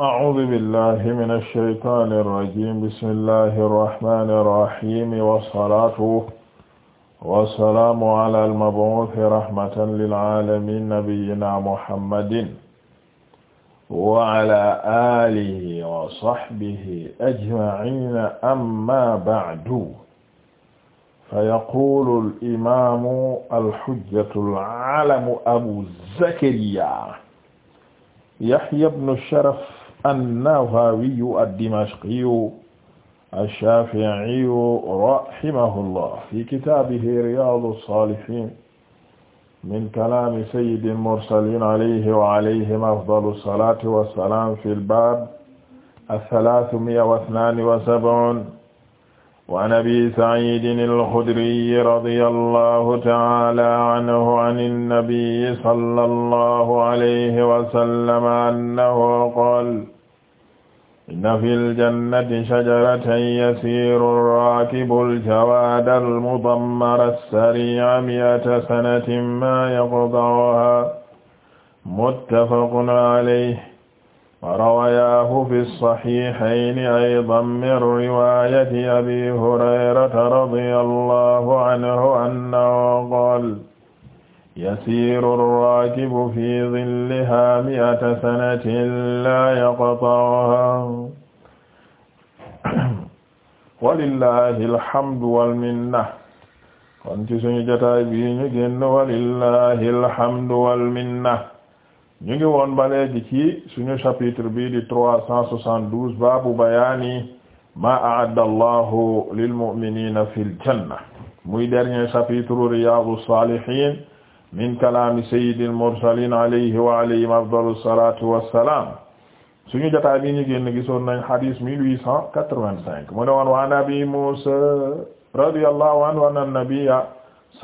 أعوذ بالله من الشيطان الرجيم بسم الله الرحمن الرحيم والصلاة والسلام على المبعوث رحمة للعالمين نبينا محمد وعلى آله وصحبه أجمعين أما بعد فيقول الإمام الحجة العالم أبو زكريا يحيى بن الشرف an-Nawawiyu ad-Dimashqiyu ash-Shafi'iyu rahimahullah fi kitaabihi Riyaadu s-Saalihiin min kalaami sayyidil mursaliin alayhi wa alayhim afdalu s-salaati wa s-salaam fil baab ath-thalaathumi'a wa ithnaani wa sab'uun wa 'an Abii Sa'iidin al-Khudriyyi radiyallahu ta'aalaa 'anhu 'ani n-nabiyyi sallallahu alayhi wa sallam annahu qaala inna fil jannati shajaratan yasiiru raakibu aljawaada almudammara assarii'a mi'ata sanatin maa yaqta'uhaa muttafaqun alayhi wa rawaahu fi saxiixayni aydan min riwaayati abii hurayrata radiyallaahu anhu annahu qaala yasiiru raakibu fi zillihaa mi'ata sanatin laa yaqta'uhaa walillahi alhamdu wal minna kon ci suñu jotaay bii ñu génn walillahi alhamdu wal minna ñu ngi woon ba léegi ci suñu chapitre bii di trois cent soixante-douze baabu bayaani maa a'adda allahu lil mu'miniina fil janna muy dernier chapitre Riyaadus Saalihiin min kalaami sayyidil mursaliin alayhi wa alayhim afdalu salaatu wa salaam suñu jotaay bi ñu génn gisoon nañ hadis 1885 mu ne woon wa an Abi Muusaa radiyallahu anhu anna nabiyya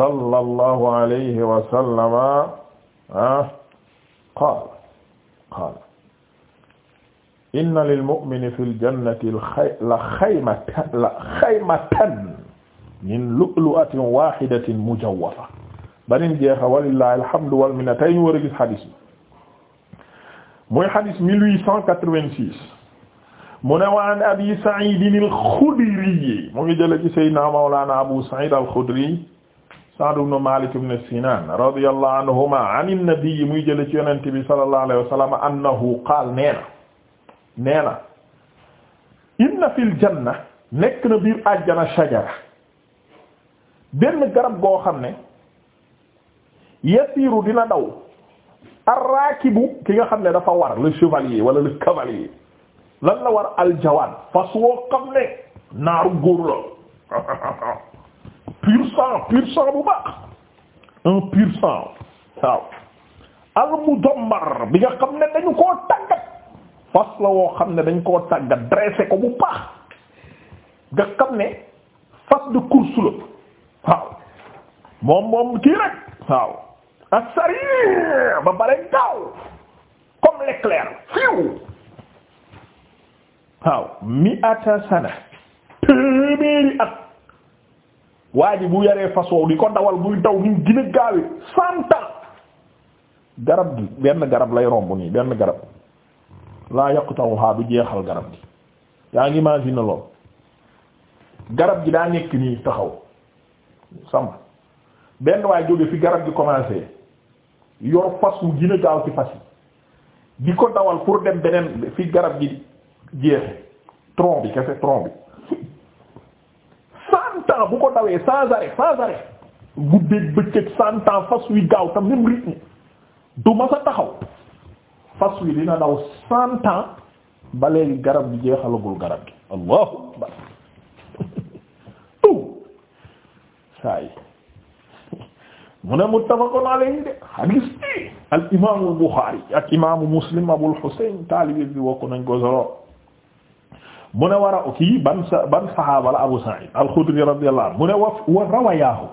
sallallahu alayhi wa sallama ah, qaala qaala inna lil-mu'mini fil jannati la xaymatan la xaymatan min lu'lu'atin waahidatin mujawwafa banim jeexa walillahi alhamdu wal minna tey ñu war a gis xadis bi muy xadis mille huit cent quatre-vingt-six mu ne waan abi Sa'id al-Khudri mu ngi jële ci sayyidina mawlana Abu Sa'id al-Khudri Sa'd ibn Malik ibn Sinan radiyallahu anhuma an an-nabi muy jële ci yonent bi sallallahu alayhi wa sallam annahu qaal nee na nee na inna fil janna nekk na biir àjjana shajara benn garab goo xam ne yasiiru dina daw arraakibu ki nga xam ne dafa war le chevalier wala le cavalier lan la war aljawaad fas woo xam ne naaru góor la pur sang pur sang bu baax un pur sang waaw almudammar bi nga xam ne dañu koo tàggat fas woo xam ne dañ koo tàggat dressé ko bu baax nga xam ne fas de course la waaw moom moom kii rek waaw as-sari' ba bare gaaw comme l'éclair fiw waaw mi'ata sana téeméeri at waa ji bu yaree façon di ko dawal buy daw ni gën a gaawe garab gi benn garab lay romb nii benn garab laa yaqta'uha du jeexal garab gi yaa ngi imaginer lool garab gi daa nekk nii taxaw sam benn waay jóge fi garab gi commencé yor fas wu gën a gaaw ci fas yi di ko dawal pour dem beneen fi garab gi jeexe tronc bi kese tronc bi cent bu ko dawee sans arrêt sans arrêt guddeeg bëccëg cent fas wi gaaw tam même rythme ma sa taxaw fas wi dina daw cent ans ba léegi garab gi jeexalagul garab gi allahu akbar tout saa yi mu ne muttafaqun alayhi de hadis bi al imaamu Buxaari ak imaamu Muslim Abul Husayn taalibi bi wokk nañ ko solo mu ne war a kii ban sa ban saxaaba la Abu Sa'iid al-Xudri radiyallahu anhu mu ne wa wa rawayaahu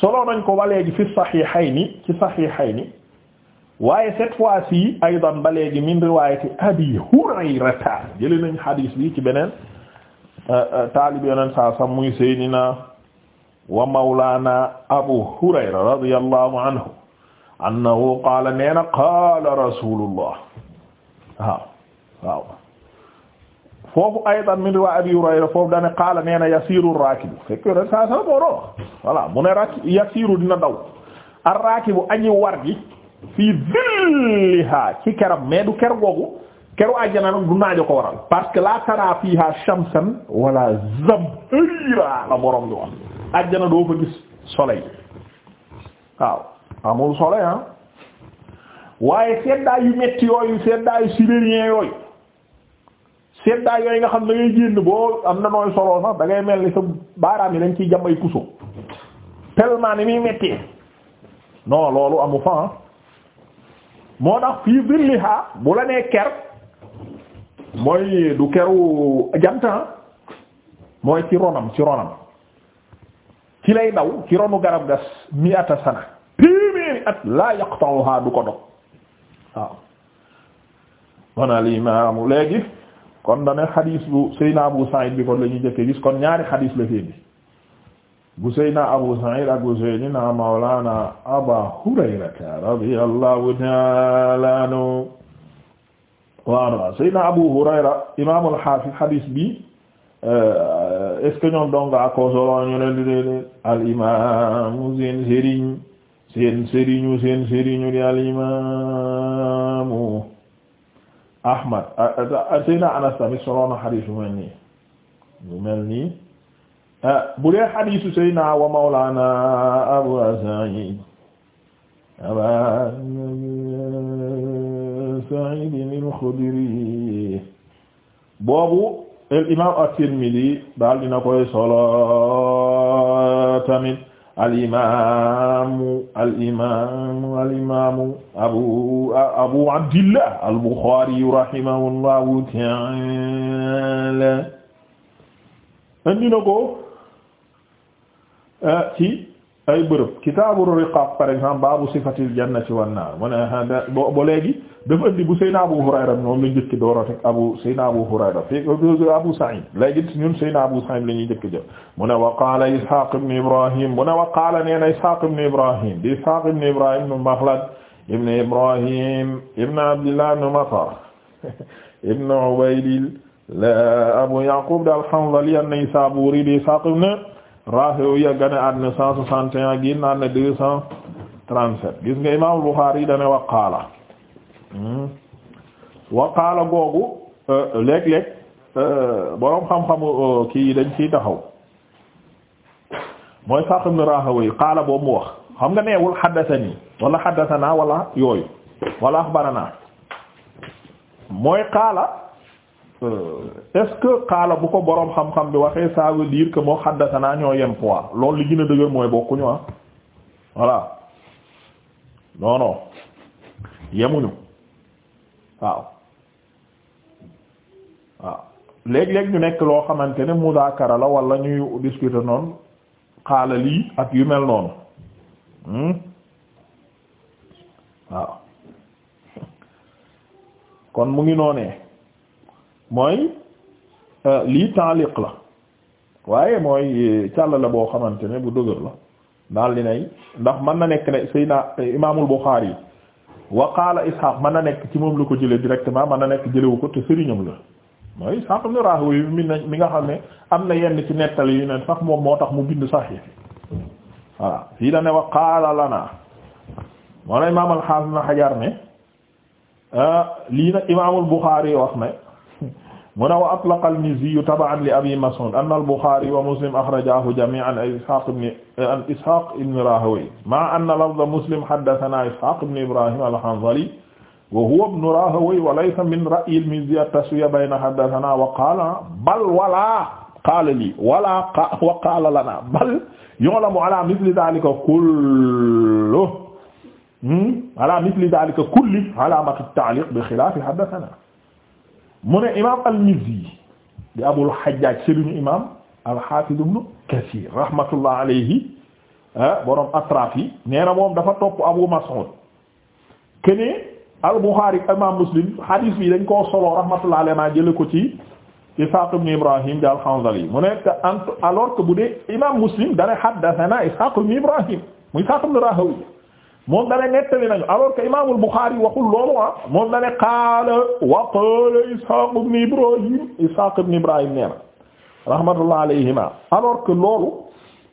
solo nañ ko ba léegi fi saxiixayni ci saxiixayni waaye cette fois-ci aydan ba léegi min riwaayati Abi Hurayrata jëlee nañ hadis bi ci beneen euh, euh, taalibi yeneen saa sam muy Seydina wa mawlaana abu hurayra radiyallahu anhu annahu qaala neena qaala rasulullah waaw waaw foofu aydan min riwaa abi hurayra foofu dane qaala neena yasiru raakibu fekk yoneen saa saa boo doon voilà mu ne rak yasiru dina daw ar raakibu añi war gi fii zilliha ci keram mais du ker googu keru àjjana nag du naajo ko waral parce que la tara fiha shamsan wala zamhira la borom bi wax àjjana doo fa gis soleil waaw amul soleil ah. waaye seddaay yu metti yooyu seddaayu sibérien yooyu seddaay yooyu nga xam da ngay génn boo am na nooy soloo sax mel ni sa baaraam yi dañ ciy jàmbay puso tellement ni muy mettee non loolu amu fa ah. moo tax fii villiha bu la nee ker mooy du keru jantan ah. mooy ci ronam ci ronam ci lay daw ci ronu garab gas miata sana téeméeri at laa yaqta'uha du ko dog kon al imaamu léegi kon dane xadiis bu Abu Sa'id bi kon la ñuy gis kon ñaari xadiis la fii bu Seyna Abu Sa'id ak bu Mawlana Aba Hurayrata radiyallahu ta'ala anhu wa Abu Hurayra imaamul xaafis xadiis bi est ce que ñoom solo ñu ne al imaamu seen sëriñ seen sëriñu seen al imaamu Ahmad Seydina Anas solo na xadiis bu mel nii bu mel nii Mawlana Abu Sa'id Aba Sa'id al-Khudri boobu al imaam at-Tirmidhi daal dina koy solo tamit al imaamu al imaamu al imaamu abu abu abdillah al Bukhari rahimahullahu ta'ala indi na ko eh, ci ay bërëb kitaabu par exemple baabu sifatil jannati wan naar mu ne bo dafa indi bu Seyna Abu Hurayra bi moom la njëkk door a teg Abu Seyna Abu Hurayra fi Abu Sa'id léegi ñun Seyna Abu Sa'id la ñuy njëkk jël mu ne wa qaala Ishaq ibn Ibrahim mu ne wa qaala nee na Ishaq ibn Ibrahim di Ishaq ibn Ibrahim ibn Makhlad ibn Ibrahim ibn Abdillah ibn Matar ibn Ubaydillah Abu Yaqub al-Hanzali an-Naysaburi di Ishaq ibn Rahowiya gane àdduna 161 génn àdduna 237 gis nga Imam Bukhari dane wa qaala Hmm. waqaala googu euh, léeg-léeg euh, boroom xam-xamu euh, kii dañ ciy taxaw mooy Isaaq ibn Rahawayh qaala boobu mu wax xam nga neewul haddathanii wala haddathanaa walla yooyu wala axbaranaa mooy qaala est-ce que qaala bu ko boroom xam-xam bi waxee ça veut dire que moo haddathanaa ñoo yem poids loolu li gën a dëgër mooy bokkuñu ah voilà non yemuñu waaw waaw léeg-léeg ñu nekk loo xamante ne mudaakara la wala ñuy discuter noon xaala lii ak yu mel noonu hmm? waaw kon mu ngi noonee mooy euh, lii taaliq la waaye mooy euh, càll la boo xamante ne bu dëgër la daal di nay ndax mën na nekk ne Seydina euh, Imaamul Buxaari wa qaala Ishaq mën na nekk ci moom la ko jëlee directement mën na nekk jëlewu ko te sëriñam la mooy Ishaq ibn Rahowi mi mi nga xam ne am na yenn ci nettali yu ne sax moom moo tax mu bind sax yi voilà fii da ne wa qaala lana moo la imaam al-Hasan Hajar ne ah, lii nag imaamul Buxaari wax ne mu ne wa atlaqa al-Mizzi taba'an li Abi Mas'ud anna al-Bukhari wa Muslim akhrajahu jami'an an Ishaq ibn an Ishaq ibn Rahawayh ma'a anna lafza Muslim haddathana Ishaq ibn Ibrahim al-Hanzali wa huwa ibn Rahawayh wa laysa min ra'yi al-Mizzi at-taswiya bayna haddathana wa qala bal wala qaala li wala wa qaala lana bal yu'lamu ala mithli dhalika kullu hmm, ala mithli dhalika kulli alamatu at-ta'liq bi khilafi haddathana mu ne imaam al-Mizzi di Abul Hajjaj sëriñu imaam al-Hafiz ibn Kathir rahmatullah alayhi ah, borom atraf yi nee na moom dafa topp Abu Mas'ud kene al-Bukhari imaam Muslim hadith bi dañ koo solo rahmatullah alayhi ma jële ko ci Ishaq ibn Ibrahim di al-Hanzali mu ne alors que bu dee imaam Muslim dana haddathana Ishaq ibn Ibrahim muy Ishaq ibn Rahawi moom dane nettali nañu alors que imaamul Bukhari waxul loolu ah moom dane qaala wa qaala Ishaq ibn Ibrahim Ishaq ibn Ibrahim nee na rahmatullah alayhima alors loolu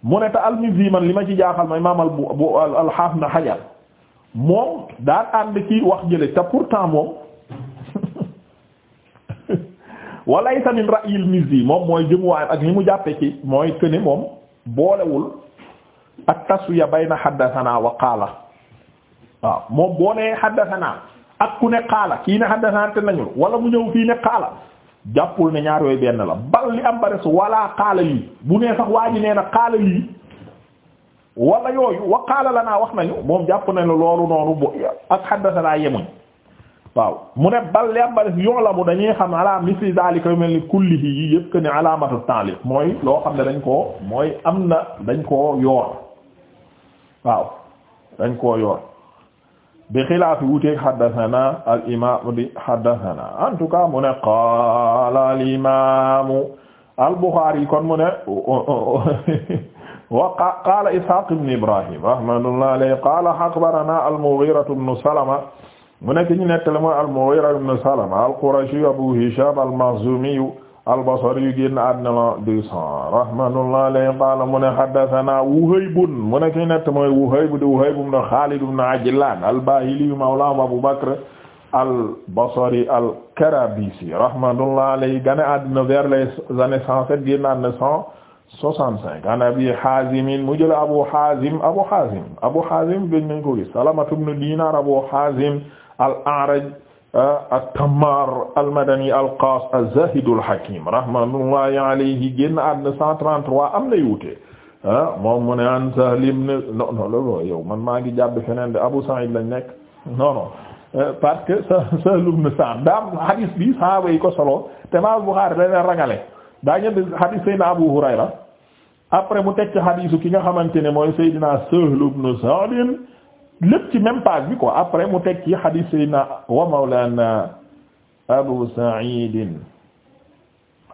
mu ne al-Mizzi man li ma ci jaaxal ma imaam al-Hafiz na Hajar moom daan ànd ci wax jële te pourtant moom wa min ra'yi al-Mizzi moom mooy jëmuwaayam ak ni mu jàppe ci mooy këne moom boolewul ak taswiya bayna haddathana wa qaala waaw moom boo nee xaddasanaa ak ku ne xaala kii ne xaddasanaa te nañu wala mu ñëw fii ne xaala jàppul ne ñaar yooyu benn la bal li am ba res wala xaala lii bu nee sax waa ji nee na xaala lii wala yooyu wa xaala la naa wax nañu moom jàpp nañu loolu noonu bu ak xaddasanaa yemuñ waaw mu ne bal li am ba yoo la mu dañuy xam ala misli daalika yu mel ni kullihi yi yëpp que ne alaamatu ta'liq mooy loo xam ne dañ koo mooy am na dañ koo yoor waaw dañ bi xilaafi wuteeg haddathana al imam di haddathana en tout cas mu ne qaala al imam al Bukhari kon mu ne wa qaala Ishaq ibn Ibrahim rahmatullahi alayhi qaala akhbarana al Mughira ibn Salama mu nekk ñu nettale mooy al Mughira ibn Salama al Qurashi Abu Hisham al Makhzumi al-Basri génn àddina la 200 rahmatullahi alayhi qaala mu ne haddathana Wuhayb mu ne ki nett mooy Wuhayb di Wuhayb ibn Khalid ibn Ajlan al-Bahili mawla Abu Bakr al-Basri al-Karabisi rahmatullahi alayhi génn àddina vers les années 107 génn àddina 165 an Abi Hazim mu jël Abu Hazim Abu Hazim Abu Hazim gën nañ ko gis Dinar Abu Hazim al-A'raj Ah, at-Tammar al-Madani al-Qaas az-Zaahid al-Hakiim rahmatullahi alayhi génn àddina 133 am na yu wute ah, moom mu ne an Sahl ibn non non loolu yow man maa ngi jàpp feneen de Abu Saïd lañ nekk no non euh, parce que Sahl ibn Sa'd daam hadis bi sahaaba yi ko solo te ma Buxaari da leen ragale daa ñëw di hadis Seydina Abu Hurayra après mu teg hadisu ki nga xamante ne mooy Seydina Sahl ibn Sa'd lépp ci même page bi quoi après mu teg ci hadith sayna wa mawlana Abu Sa'id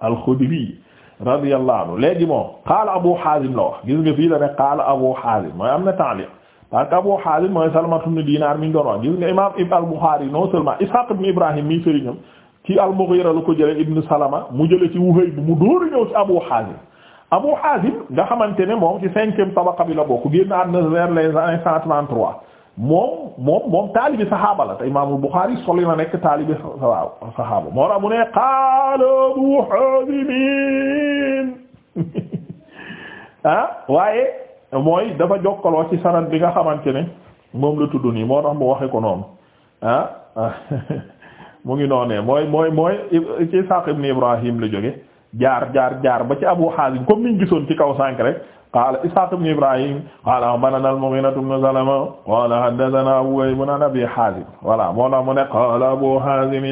al-Khudri radiyallahu anhu léegi moom qaala Abu Hazim la wax gis nga fii la ne qaala Abu Hazim mooy am na ta'liq parce que Abu Hazim mooy Salmatu ibn Dinar mi ñu doon wax gis nga imam Ibn al-Bukhari non seulement Ishaq ibn Ibrahim mi sëriñam ci al-Mughira la ko Ibn Salama mu jële ci Wuhayb mu dóoru ñëw ci Abu Hazim Abu Hazim nga xamante ne moom ci cinquième tabaqa bi la bokk génn àdduna vers les années 133 moom moom moom taalibi saxaaba la te imaamul Buxaari soli na nekk taalibi saxaaba moo tax mu ne qaala Abu Haazim ah waaye mooy dafa jokkaloo ci sanad bi nga xamante ne moom la tudd nii moo tax mu waxe ko noonu ah mu ngi ne mooy mooy mooy ci Isaaq ibn Ibrahim la jóge jaar jaar jaar ba ci Abu Haazim comme niñ gisoon ci kaw sànk rek qaala Ishaaq ibn Ibrahim qaala axbaranaa al-Mughira ibn Salama qaala haddathanaa Abu Wahb an Abi Haazim voilà moo tax mu ne qaala Abu Haazim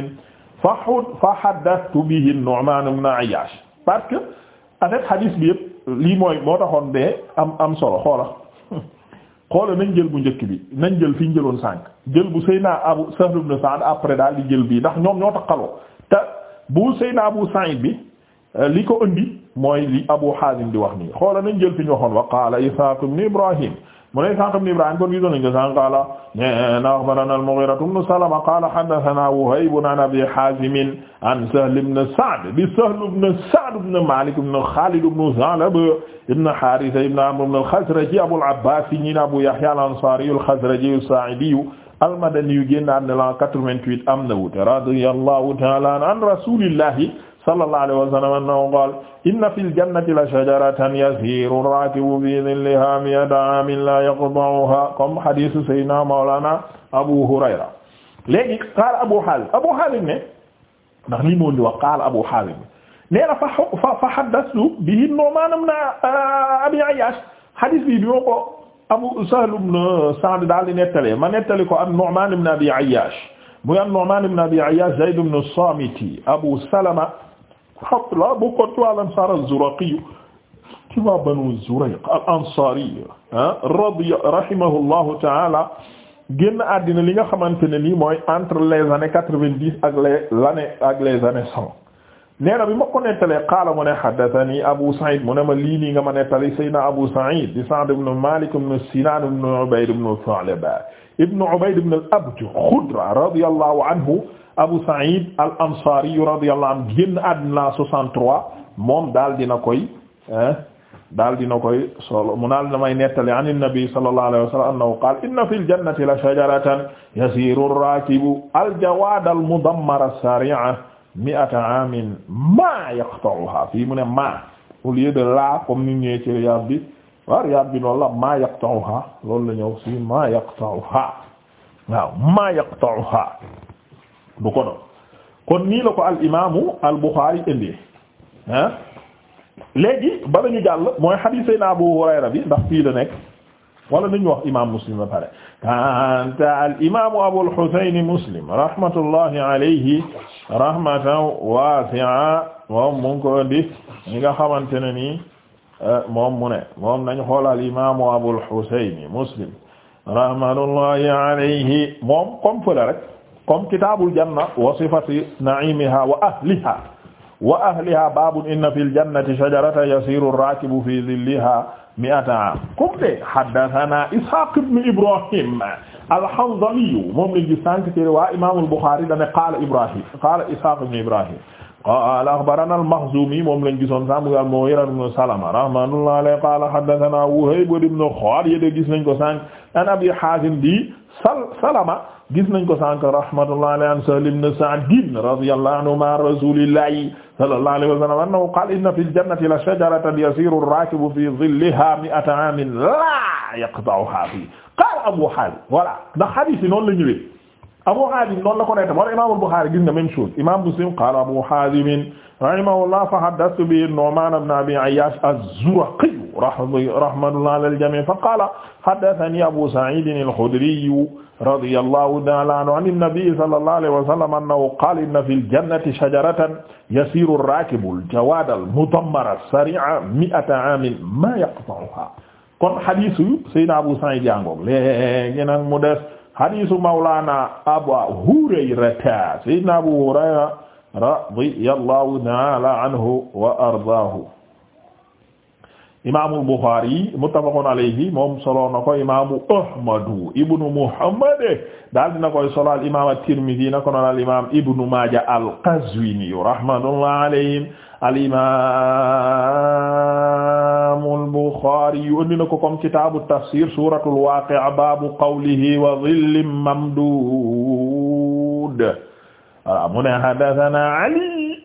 fa haddathtu bihi an-Nu'maan ibn Ayyaash parce que avec hadith bi yëpp lii mooy moo taxoon bee am am solo xoola xoola nañ jël bu njëkk bi nañ jël fi ñu jëloon sànq jël bu Seydina Abu Sahl ibn Sa'd après daal di jël bii ndax ñoom ñoo taxaloo te bu Seydina Abu Sa'id bi li ko indi mooy li Abu Hazim di wax nii xoola nañ jël fi ñu waxoon wa qaala Ishaq ibn Ibrahim mu ne Ishaq ibn Ibrahim kon gisoon nañ ko sànq qaala na akhbarana al-Mughira ibn Salama qaala haddathana Wuhayb an Abi Hazim an Sahl ibn Sa'd bi Sahl ibn Sa'd ibn Malik ibn Khalid ibn Zalab ibn Haritha ibn Amr ibn al-Khazraji Abu al-Abbas ñi Abu Yahya al-Ansari al-Khazraji as-Sa'idi al-Madani génn na 88 am na wuute radiyallahu ta'ala an rasulillahi sallallahu alayhi wa sallam annahu qaala inna fil jannati la shajaratan yasiiru raakibu fii zillihaa mi'ata aamin laa yaqta'uhaa comme hadiisu sayyidinaa mawlaanaa Abu Hurayra léegi qaala Abu Haazim Abu Haazim ne ndax lii moo ñu wax qaala Abu Haazim nee na fa haddastu bihi Nu'maan ibn Abi Ayyaash hadiis bi moo ko Abu Sahl ibn Sa'd daal di nettali ma nettali ko am Nu'maan ibn Abi Ayyaash muy am Nu'maan ibn Abi Ayyaash Zayd ibn Saamit Abu Salama Abdullah bokkoon ci waa Ansaar az-Zuraqi ci waa Banu Zurayq al-Ansari radiya rahimahullahu ta'ala génn àddina li nga xamante ne nii mooy entre les années quatre-vingt-dix ak les années ak les années cent nee na bi ma ko nettalee qaala mu ne haddathanii Abu Sa'id mu ne ma lii nii nga ma nettali Seydina Abu Sa'id di Sa'd ibn Malik ibn Sinan ibn Ubayd ibn Tha'laba ibn Ubayd ibn al-Abjar Khudra radiyallahu anhu Abu Sa'id al ansari radiyallahu anhu génn àddina la 63 moom daal dina koy daal dina koy solo mu daal damay nettali an nabi sallallahu alayhi wa sallam annahu qaala inna fil jannati la shajaratan yasiru ar-raakibu al-jawaad al-mudammara as-sari'a mi'ata 'aamin ma yaqta'uha fii mu ne ma au lieu de la comme ni ñëwee ci Riyaad bi waaw Riyaad bi noonu la ma yaqta'uha loolu la ñëw si ma yaqta'uha waaw ma yaqta'uha du ko doon kon nii la ko al imaamu al Buxaari indi ah léegi ba la ñu mooy xadiis sayna Abu Hurayra bi ndax fii la nekk wala nañu wax imaam Muslim ba pare al imaamu Muslim rahmatullahi alayhi rahmatan wasi'a moom mu ngi ko indi ñi nga xamante ne nii eh, moom mu ne moom nañ xool al imaamu Muslim comme kitaabul janna wa sifati naimiha wa ahliha wa ahliha babun inna fil jannati shajaratan yasiru ar-rakibu fi dhilliha mi'ata am comme de haddathana ishaq ibn ibrahim al-hanzali moom lañ gis sànq ci riwaa imaamul buxaari dane qaala ibrahim qaala ishaq ibn ibrahim qaala axbarana al-makhzumi moom lañ gisoon sa mu al-mughira ibn salama rahmatullahi alayhi qaala haddathana wuhayb ibn khalid gis nañ ko sànq an abi hazim bi sal salama gis nañ ko sànk rahmatullah alayhi an Sahl ibn Sa'd radiyallahu anhu ma rasulillahi sallallahu alayhi wa sallam annahu qala inna fil jannati la shajaratan yasiru ar-rakibu fi dhillaha mi'ata 'amin la yaqta'uha fi qala Abu Hazim voilà ndax hadith yi noonu la ñëwee Abu Hazim noonu la ko neeta war Imam Bukhari gis nga même chose Imam Muslim qala Abu Hazim rahimahullah fa haddathtu bi Nu'man ibn Abi Ayyash az-Zuraqi rahmatullah ala al-jami' fa qala haddathani Abu Sa'id al-Khudri radiyallahu ta'ala anhu an an-nabi sallallahu alayhi wa sallam annahu qala inna fil jannati shajaratan yasiru ar-rakibu al-jawada al-mudammara as-sari'a mi'ata 'amin ma yaqta'uha kon hadisu Sayyidina Abu Sa'id jàngoog léegi nag mu des hadisu Mawlana Abu Hurayrata Sayyidina Abu Hurayra radiyallahu ta'ala anhu wa ardaahu imaamu Buxaari muttafaqun alayhi moom solo na ko imaamu Ahmadu ibnu Muhammad daal dina koy solo al imaam at-Tirmidi na ko noon al imaam ibnu Maaja al-Qazwini rahmatullahi alayhim al imaam al-Buxaari indi na ko comme kitaabu tafsir suuratul Waaqi'a baabu qawlihi wa dhillin mamduud voilà mu ne haddathana Ali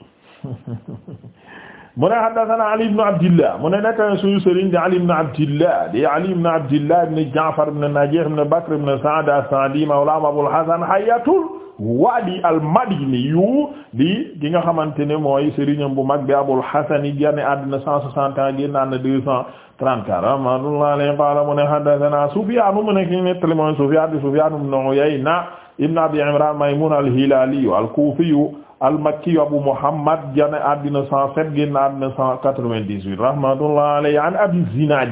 mu ne haddathana Ali ibn Abdillah mu ne nekk suñu sëriñ di Ali ibn Abdillah di Ali ibn Abdillah ibn Ja'far ibn Najih ibn Bakr ibn Sa'd as-Sa'di mawla Abul Hasan Hayyatul waadi al-Madini yu di ki nga xamante ne mooy sëriñam bu mag bi Abul Hasan yi génn àddina cent soixante ans génn àddina deux cent trente-quatre rahmatullah alayhi qala mu ne haddathana Sufyan mu ne ki nettali mooy Sufyan di Sufyan ibn Uyayna ibn Abi Imran Maymun al-Hilali al-Kufi al-Makki Abu Muhammad génn àddina cent sept génn àddina cent quatre-vingt-dix-huit rahmatullah alayhi an Abi Zinad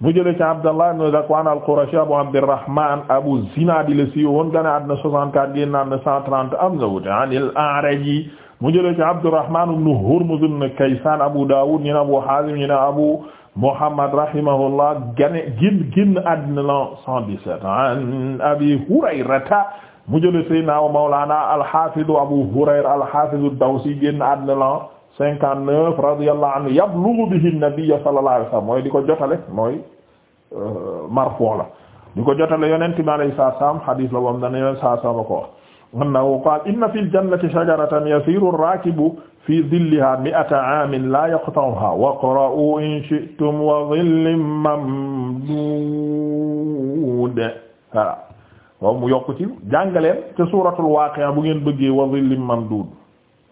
mu jëlee ci Abdallah ibn Zakwan al-Qurashi Abu Abdurrahman Abu Zinad la siiw woon gane àddina 64 génn àddina 130 am na wute an al-A'raj mu jëlee ci Abdurrahman ibn Hurmuz ibn Kaysan Abu Dawud ñu ne Abu Hazim ñu ne Abu Muhammad rahimahullah gane génn génn àddina la 117 an Abi Hurayrata mu jëlee Sayyidina wa Mawlana al-Hafiz Abu Hurayra al-Hafiz ad-Dawsi génn àddina la cinquante neuf radiyallahu anhu yablughu bihi nabiy sallallahu alayhi wasallam mooy di ko jotale mooy euh, marfu' la di ko jotale yonent bi alayhi salaam hadith la wam dana yonent saa sama ko wax annahu qaala inna fil jannati shajaratan yasiiru ar-raakibu fii zillihaa mi'ata 'aamin laa yaqta'uhaa waqra'uu in shi'tum wa zillin mamduud voilà moom mu yokk ci jàngaleen ca suuratul waaqi'a bu ngeen bëggee wa zillin mamduud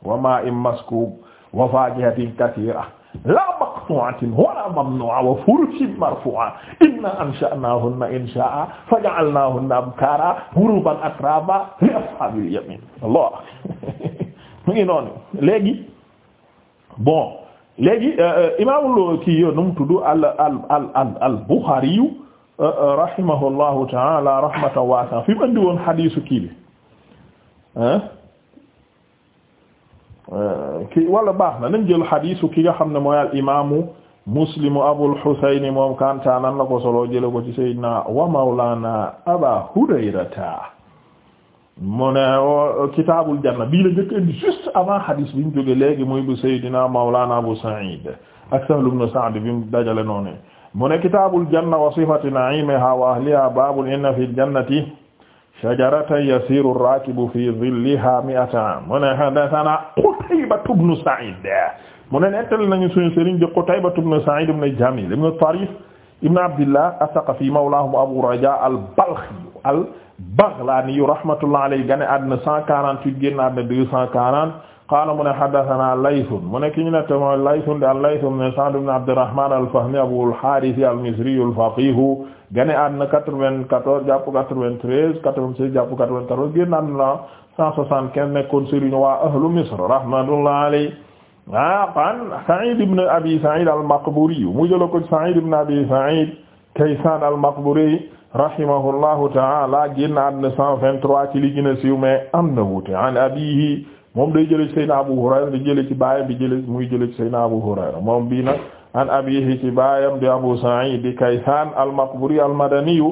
wa maa'in maskuub wa fakihatin kathira la maqtu'atin wala mamnu'a wa furushin marfu'a inna ansha'nahunna insha'a faja'alnahunna abkara ghuruban atraba li ashabil yamin Allah mu ngi noonu léegi bon léegi euh, euh, imaamul kii yo num tudd al al al al al Bukhari yu euh, rahimahullahu ta'ala rahmatan wasi'a fi mu andi woon hadiisu kii bi Euh, ki wala baax na nañ jël xadiisu ki nga xam ne mooy al imaamu muslimu abul xusayn moom kantanan la ko solo jële ko ci sayyidina wa mawlana aba hurayrata mu ne kitaabul janna bii la njëkk indi juste avant xadiis bi ñu jóge léegi muy bu sayyidina mawlana abu sa'id ak sahl ibn sa'd bi mu dajale noonu mu ne kitaabul janna wa sifati na'imaha wa ahliha baabun inna fil jannati shajarata yasiru rakibu fi zilliha mi'ata am mu ne haddathana Qutayba ibn Sa'id mu ne nettali nañu suñu sëriñ di Qutayba ibn Sa'id ibn Jamil ibn Tarif ibn Abdillah as-Saqafi mawlahum Abu Raja al-Balkhi al-Baghlani rahmatullahi alayhi gane àddina 148 génn àddina 240 qaala mu ne haddathana Laythun mu ne ki ñu nette mooy Laythun de al-Layth ibn Sa'd ibn Abd al-Rahman al-Fahmi Abu al-Harith al-Misri al-Faqih gane àdduna 94 jàpp 93 96 jàpp 94 génn àdduna 175 nekkoon sëriñ waa ahlu Misr rahmatullah alayhi ah an Sa'id ibn Abi Sa'id al-Maqburi mu jël ko Sa'id ibn Abi Sa'id Kaysan al-Maqburi rahimahullahu ta'ala génn àdduna 123 ci li gën a siiw mais am na wuute an abiihi moom day jële ci Seydina Abu Hurayra di jëlee ci baay bi jëlee muy jëlee ci Seydina Abu Hurayra moom bii nag. an abiihi ci baayam di Abu Sa'iid Kaysaan al-Maqburi al-Madani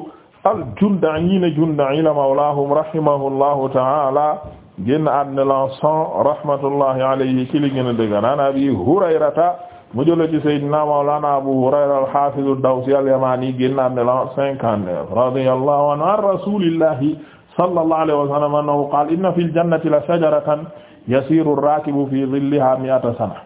al-Jundai ne Jundai la mawlaahum rahimahullahu ta'aala génn àddina la cent rahmatullahi alayhi ci li gën a dëgg an Abi Hurayrata mu jëlee ci Sayyidina mawlaana Abu Hurayra al-Haafiz ad-Dawsi al-Yamaani génn àddina la cinquante-neuf radiyallahu anhu an rasuulillahi sallallahu alayhi wa sallam annahu qaala inna fil jannati la shajaratan yasiiru ar-raakibu fii zillihaa mi'ata sana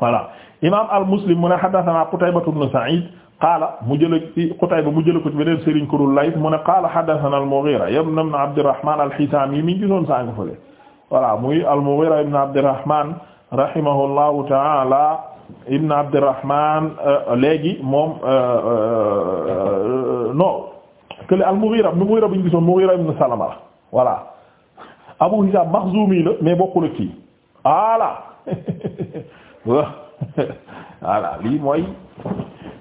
voilà imaam al muslim mu ne haddasanaa Qutaybatu ibn Sa'iid qaala mu jëlee ci Qutayba mu jëlee ko ci beneen Serigne Kurul Layth mu ne qaala haddasanaa al-Mughiira ibn Abdirrahmaan al-Hisaami mi ngi gisoon saa nga fële voilà muy al-Mughiira ibn Abdirrahmaan rahimahullahu ta'aala ibn Abdirrahmaan euh, léegi moom euh, euh, non kële al-Mughiira Mughiira bi ñu gisoon Mughiira ibn Salama la voilà Abu Hisaam Maxzuumi la mais bokkul ak kii voilà. voilà lii mooy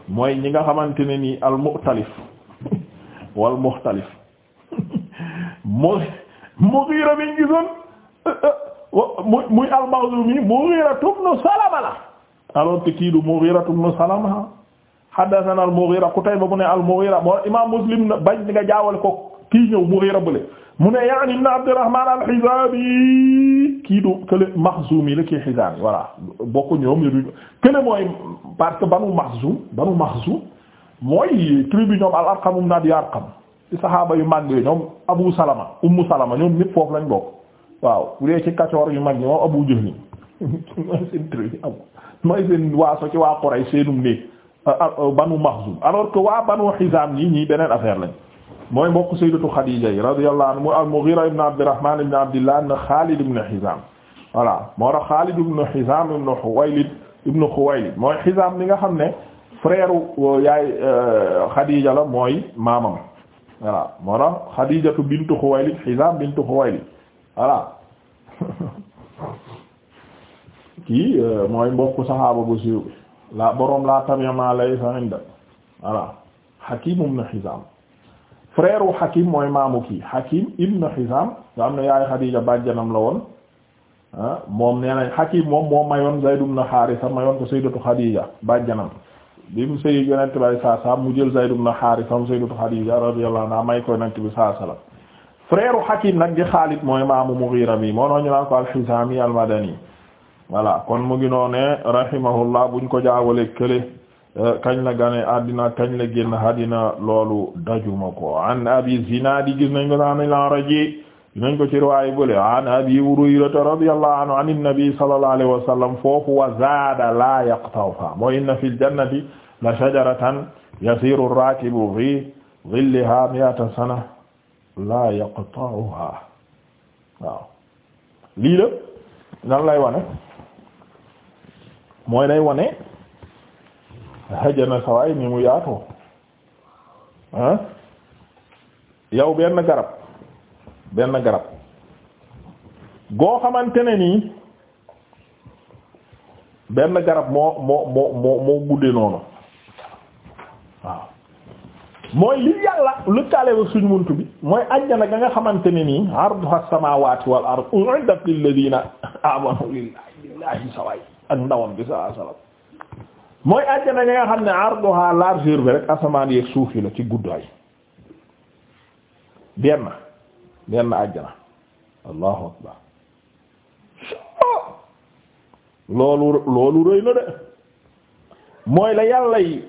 mooy ñi nga xamante ne nii al muxtalif wal muxtalif mu Mughira mi gisoon euh, euh, mu muy al Makhzumi Mughira ibn Salama la alors que kii du Mughira ibn Salama haddathana al Mughira Qutayba mu ne al Mughira moo imaam Muslim bañ nga jaawale ko kii ñëw Mughira bële mu ne yaani ibn Abdurrahman al-Hizaami kii du kële Maxzumi la kii Hizaami voilà bokku ñoom yu du kële mooy parce que banu Maxzum banu Maxzum mooy tribu ñoom al-Arqam ibn Abi Arqam ci saxaaba yu mag yooyu ñoom Abu Salama Ummu Salama ñoom ñépp foofu lañ bokk waaw bu dee ci kacoor yu mag ñi moom Abu Jahl mooy mooy seen waaso ci waa Quraysh seenum néeg banu Maxzum alors que waa banu Hizaam ñi ñii beneen affaire lañ mooy mbokk sayyidatu Khadija yi radiyallahu anhu mu al-Mughira ibn Abdurrahman ibn Abdillah ibn Khalid ibn Hizam voilà moo tax Khalid ibn Hizam ibn Khuwaylid ibn Khuwaylid mooy Hizam mi nga xam ne frère euh, yaay euh, Khadija la mooy maamam voilà moo tax Khadijatu bintu Khuwaylid Hizam bintu Khuwaylid voilà kii euh, mooy mbokk saxaaba bu siiw bi la borom la tamima lay sa inda voilà Hakim ibn Hizam frère wu Hakim mooy maamu kii Hakim ibn Hizam nga am na yaay Xadiija bàjjanam la woon ah moom nee nañ Hakim moom moo mayoon Zayd ibn Haarisa mayoon ko sayyidatu Xadiija bàjjanam bi mu sëy yonent bay saa saa mu jël Zayd ibn Haarisa mu sayyidatu Xadiija radiyallahu anha may ko yonent bi saa sala frère Hakim nag Xaalid mooy maamu Mughira mi moo noo ñu naan ko al-Hizami al kon mu ngi noonee rahimahullah buñ ko jaawale kële Eh, kañ la gane addina kañ la génn addina loolu dajuma ko an abi zinadi gis nañ ko an al-Araji nañ ko ci riwaaya bole an abi Hurayrata radiyallahu anhu an an-nabi sallallahu alayhi wa sallam foofu wa zaada la yaqta'uha mooy inna fil jannati la shajaratan yasiru ar-raakibu fi dhilliha mi'ata sana la yaqta'uha waaw lii la nan lay wane mooy day wane hajana sawaay ni mu yaatoo ah yow benn garab benn garab goo xamante ne nii benn garab moo moo moo moo gudde noonu waaw mooy li yàlla lëkkaale ba suñu muntu bi mooy ajjana ga nga xamante ne nii arduha samawati wal ard u'iddat lil ladina amanu lillahi lillahi sawaay ak ndawam bi sallallahu alayhi mooy àjjana ñi nga xam ne arduha largeur bi rek asamaan yeeg suuf yi la ci guddaay benn benn àjjana allahu akbar loolu loolu rëy na de mooy la yàlla yi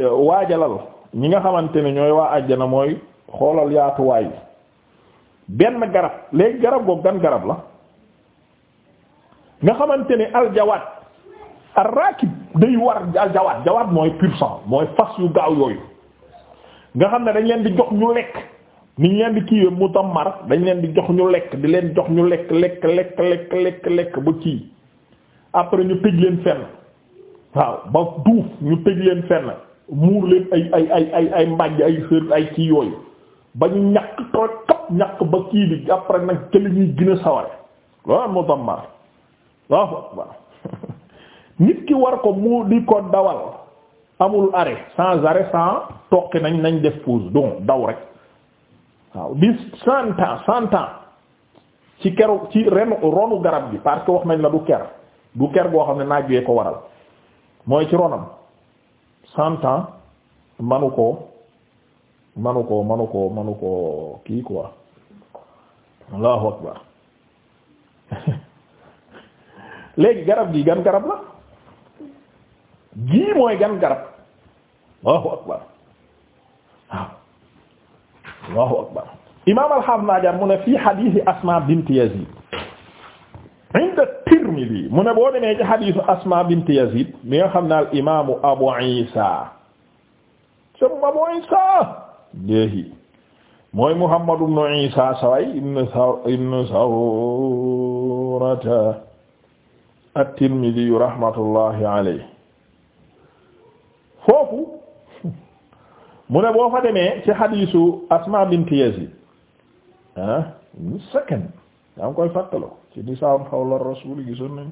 eh, waajalal ñi nga xamante ne ñooy waa àjjana mooy xoolal yaatuwaay bi benn garab léegi garab googu gan garab la nga xamante ni aljawaat arrakib day war jawaat jawaat mooy pur sang mooy fas yu gaaw yooyu nga xam ne dañ leen di jox ñu lekk niñ leen di kiiwee mutammar dañ leen di jox ñu lekk di leen jox ñu lekk lekk lekk lekk lekk lekk ba kii après ñu tëj leen fenn waaw ba duuf ñu tëj leen fenn muur leen ay ay ay ay ay mbàjj ay sër ay kii yooyu ba ñu ñàkk tooy kap ñàkk ba kii bi après nag ca li ñuy gën a saware loolu mutammar waaw waaw nit ki war ko mu di ko dawal amul arrêt sans arrêt sans toqi nañ nañ def pause donc daw rek waaw di cent ans ci keru ci renu ronu garab bi parce que wax nañ la du ker du ker goo xam ne naaj wee ko waral mooy ci ronam cent ans manu ko manu ko manu koo manu koo kii quoi allahu akbar léegi garab gi gan garab la gii mooy gan garab allahu akbar waaw allahu akbar imam al-Hafiz Hajar mu ne fii hadiisi Asma bint Yazid inda Tirmidhi mu ne boo demee ci hadiisu Asma bint Yazid mi nga xam ne al imaamu Abu Isa sum Abu Isa léegi mooy Muhammad ibn Isa saway ibn Saw ibn Sawrata at-Tirmidhi rahmatullahi alayhi mu ne boo fa demee ci xadiisu Asma bint Yazid ah ñu sakkan daa ngi koy fàttalo ci nisaam xawla rasul gisoon nañ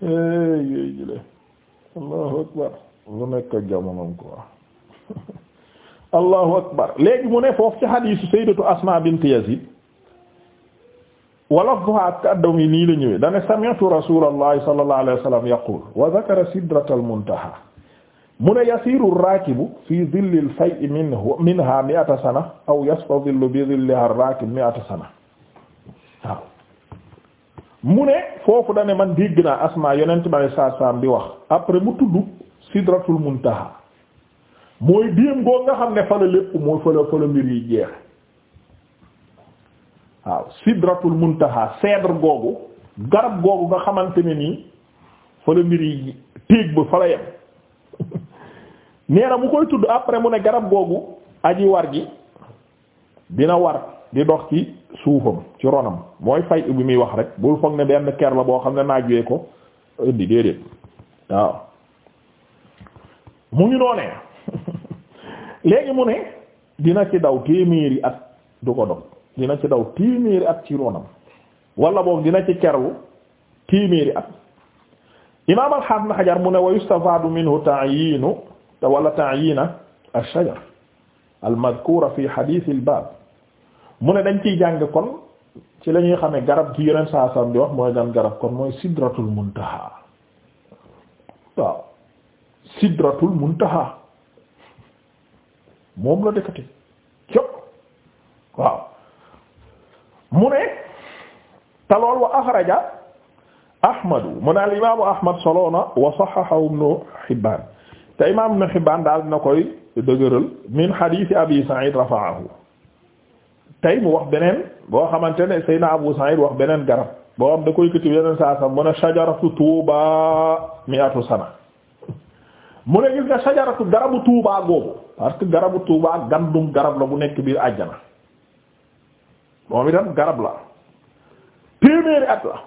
yooyu jële allahu akbar lu nekk jamonoom quoi allahu akbar léegi mu ne foofu ci xadiisu sayyidatu Asma bint Yazid wala bu ak addam yi nii la ñëwee dane sami'tu rasulallahi sallallahu wa sallam yaqul wa muntaha mu ne yasiru rakibu fi dhillil fay'i minhu minha mi'ata sana aw yastadhillu bi dhilliha ar-rakib mi'ata sana waaw mu ne foofu dane man dégg naa asma yonent bale saa saam bi wax après mu tudd sidratul muntaha mooy déem goo nga xam ne fala lépp mooy fala fala mbir yi jeex waaw sidratul muntaha cèdre googu garab googu nga xamante ni nii fala mbir yi téeg ba fala yem nee na mu koy tudd après mu ne garab googu aji war gi dina war di dox ci suufam ci ronam mooy fay bi muy wax rek bul foog ne benn ker boo xam ne naaj wee ko indi déedéet waaw mu ngi noonee léegi mu ne dina ci daw téeméeri at du ko dog dina ci daw téeméeri at ci ronam walla boog dina ci kerwu téeméeri at imam al-Hafiz Hajar mu ne wa yustafaadu minhu ta'yinu te wala ta'yina ash-shajar al-madhkura fi hadith al-bab mu ne dañ ciy jàng kon ci la ñuy xamee garab gi yeneen saa sam bi wax mooy daan garab kon mooy sidratul muntaha muntaha moom la dëkkati cop mu ne te lool wa axraja ahmadu mu ne al imaamu ahmad soloona wa saxaxahu ibnu hibbaan te imaam Ibn Hibbaan daal dina koy dëgëral min hadiisi Abi Sa'iid rafa'ahu tey mu wax beneen boo xamante ne Seydina Abu Sa'iid wax beneen garab boo xam da koy këti yeneen saa sax mu ne shajaratu Tuuba mi'atu sana mu ne gis nga shajaratu garabu Tuuba googu parce que garabu Tuuba gandum garab la bu nekk biir àjjana moom itam garab la téeméeri at la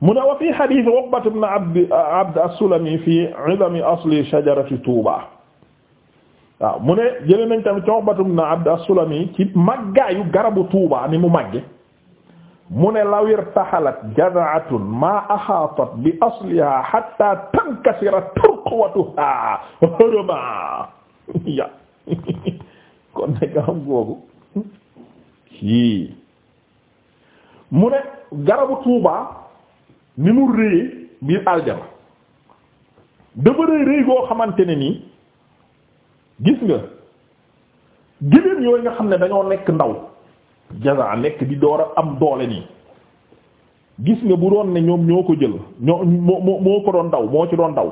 mu ne wa fii hadith Uqbat ibn Abd Abd as-Sulami fii izami asli shajarati Tuuba waaw mu ne jëlee nañ tamit ci Uqbat ibn Abd as-Sulami ci màggaayu garabu Tuuba ni mu màgge mu ne law irtahalat jaz'atun maa ahaatat bi aslihaa hattaa tankasira turqwatuhaa hurma ya kon ne garab googu mu ne garabu Tuuba ni mu réye biir aljama dafa rëy xamante ne nii gis nga géléem yooyu nga xam ne dañoo nekk ndaw jaza nekk di door a am doole nii gis nga bu doon ne ñoom ñoo ko jël ñoo moo moo ko doon daw moo ci doon daw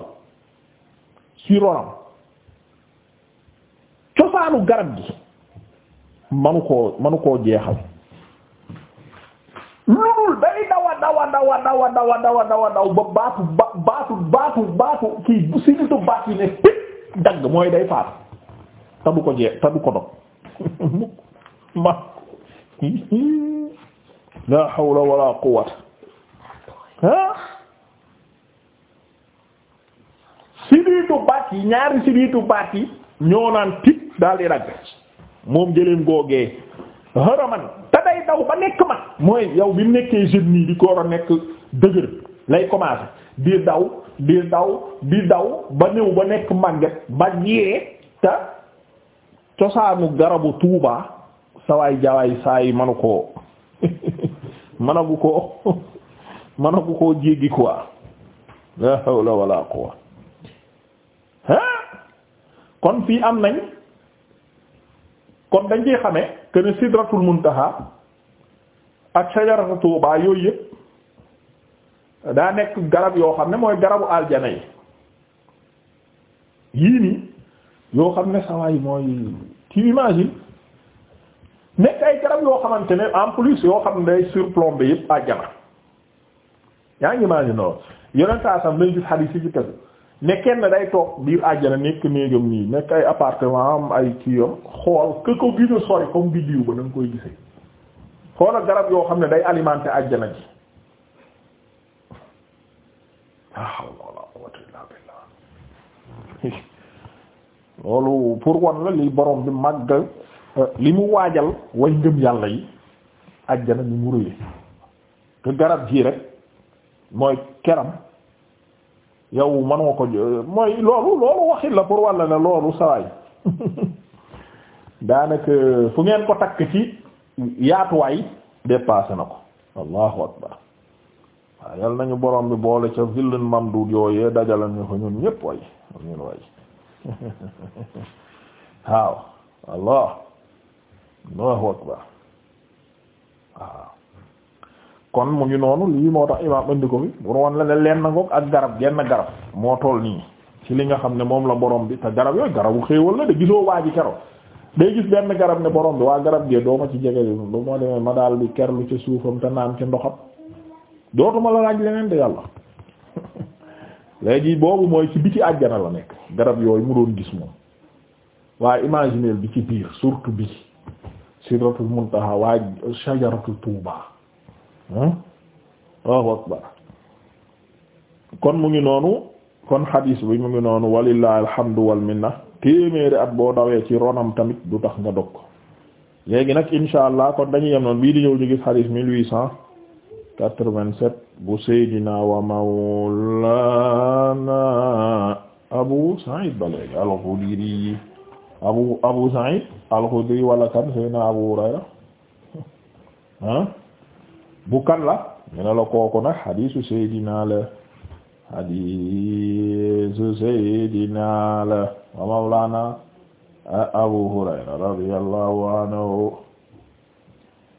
si ronam cosaanu garab gi manu koo manu koo jeexal loolu day daw a daw a daw a daw a daw ba baatu baatu baatu kii si baat yi ne pét dagg mooy day faatu ta ko jee ta ko dog mukk ma la hawla wala quwwata ah si baat yi ñaari si baat yi ñoo naan pit daal di dagg moom jëleen googee haraman te day daw ba nekk mag mooy yow bi nekkee jeune nii di koor a nekk dëgër lay commencé di daw di daw di daw ba néew ba nekk màgget ba yee te cosaanu garabu tuuba sawaay jawaay saa yi manu ko managu ko managu koo jéggi quoi la hawla wala quwwa ha kon fii am nañ kon dañ ciy xamee que ne sidratul muntaha ak shajaratu tuuba yooyu yëpp daa nekk garab yoo xam ne mooy garabu aljana yi yii nii yoo xam ne sawaay mooy tu imagines nekk ay garab yoo xamante ne en plus yoo xam ne day surplombé yëpp aljana yaa ngi imagine loolu yeneen saa sam day gis xadiis yi ci tegu ne kenn day toog biir àjjana nekk néegam nii nekk ay appartement am ay kiyam xool ke ko gën a sori comme biddiw ba na koy gisee xoolal garab yoo xam ne day alimenter àjjana ji waaw loolu pour wan la li boroom bi màgg li mu waajal way ngëm yàlla yi àjjana ni mu rëyee te garab jii rek mooy keram yow mënoo ko mooy loolu loolu waxit la pour walla ne loolu sawaay daanaka fu ngeen ko takk ci yaatuwaay dépassé na ko allahu akbar waaw yal nañu borom bi boole ca zillin mamdud yooyee dajala ñu ko ñun ñépp way waaw allah allahu akbar waaw kon mu ngi noonu lii moo tax imaam andi ko fi pour la ne leen na ngoog ak genn garab moo toll nii li nga xam ne moom la borom bi te garab yooyu garabu xéewal la de waa ji keroog day benn garab ne borom bi waa garab gee doo ma ci jege lu ma ma daal di kerlu ca suufam te naan ci ndoxam dootuma la laaj leneen de yàlla léegi boobu mooy ci biti la nekk garab yooyu mu doon gis moom waaye bi ci biir surtout bi sidratul muntaha waaye shajaratu tuuba Allahu akbar kon mu ngi noonu kon xadiis bi mu ngi noonu walillahi alhamdu wal téeméeri at boo dawee ci ronam tamit du tax nga dog ko léegi nag insha allah kon dañu yem noonu bii di ñëw ñu gis xadiis mille huit cent quatre-vingt-sept bu Seydina wa Mawlana Abu Sa'id baleegi al-Khudri Abu Abu Sa'id al wala kan Seydina Abu Hurayra ah bu kan la ñu ne la kooku nag hadisu Seydina la hadisu Seydina la wa mawlana Abu Hurayra radiyallahu anhu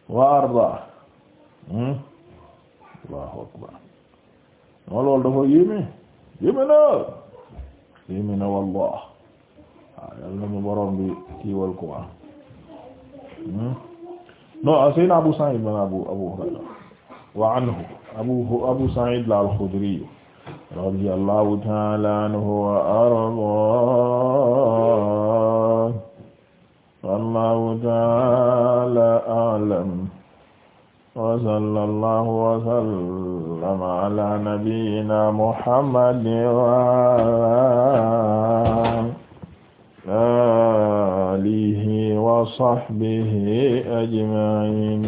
wa arda hmm? Allahu akbar moo loolu dafa yéeme yéeme na yéeme na wallah waaw yal na mu borom bi kiiwal ko waa hmm? non Seydina Abu Sa'id ibn Abu Hurayra wa anhu abu abu sa'id la al-khudri radiyallahu ta'ala anhu wa arda wallahu ta'ala a'lam wa sallallahu wa sallama ala nabiyyina muhammadin wa alihi wa sahbihi ajma'in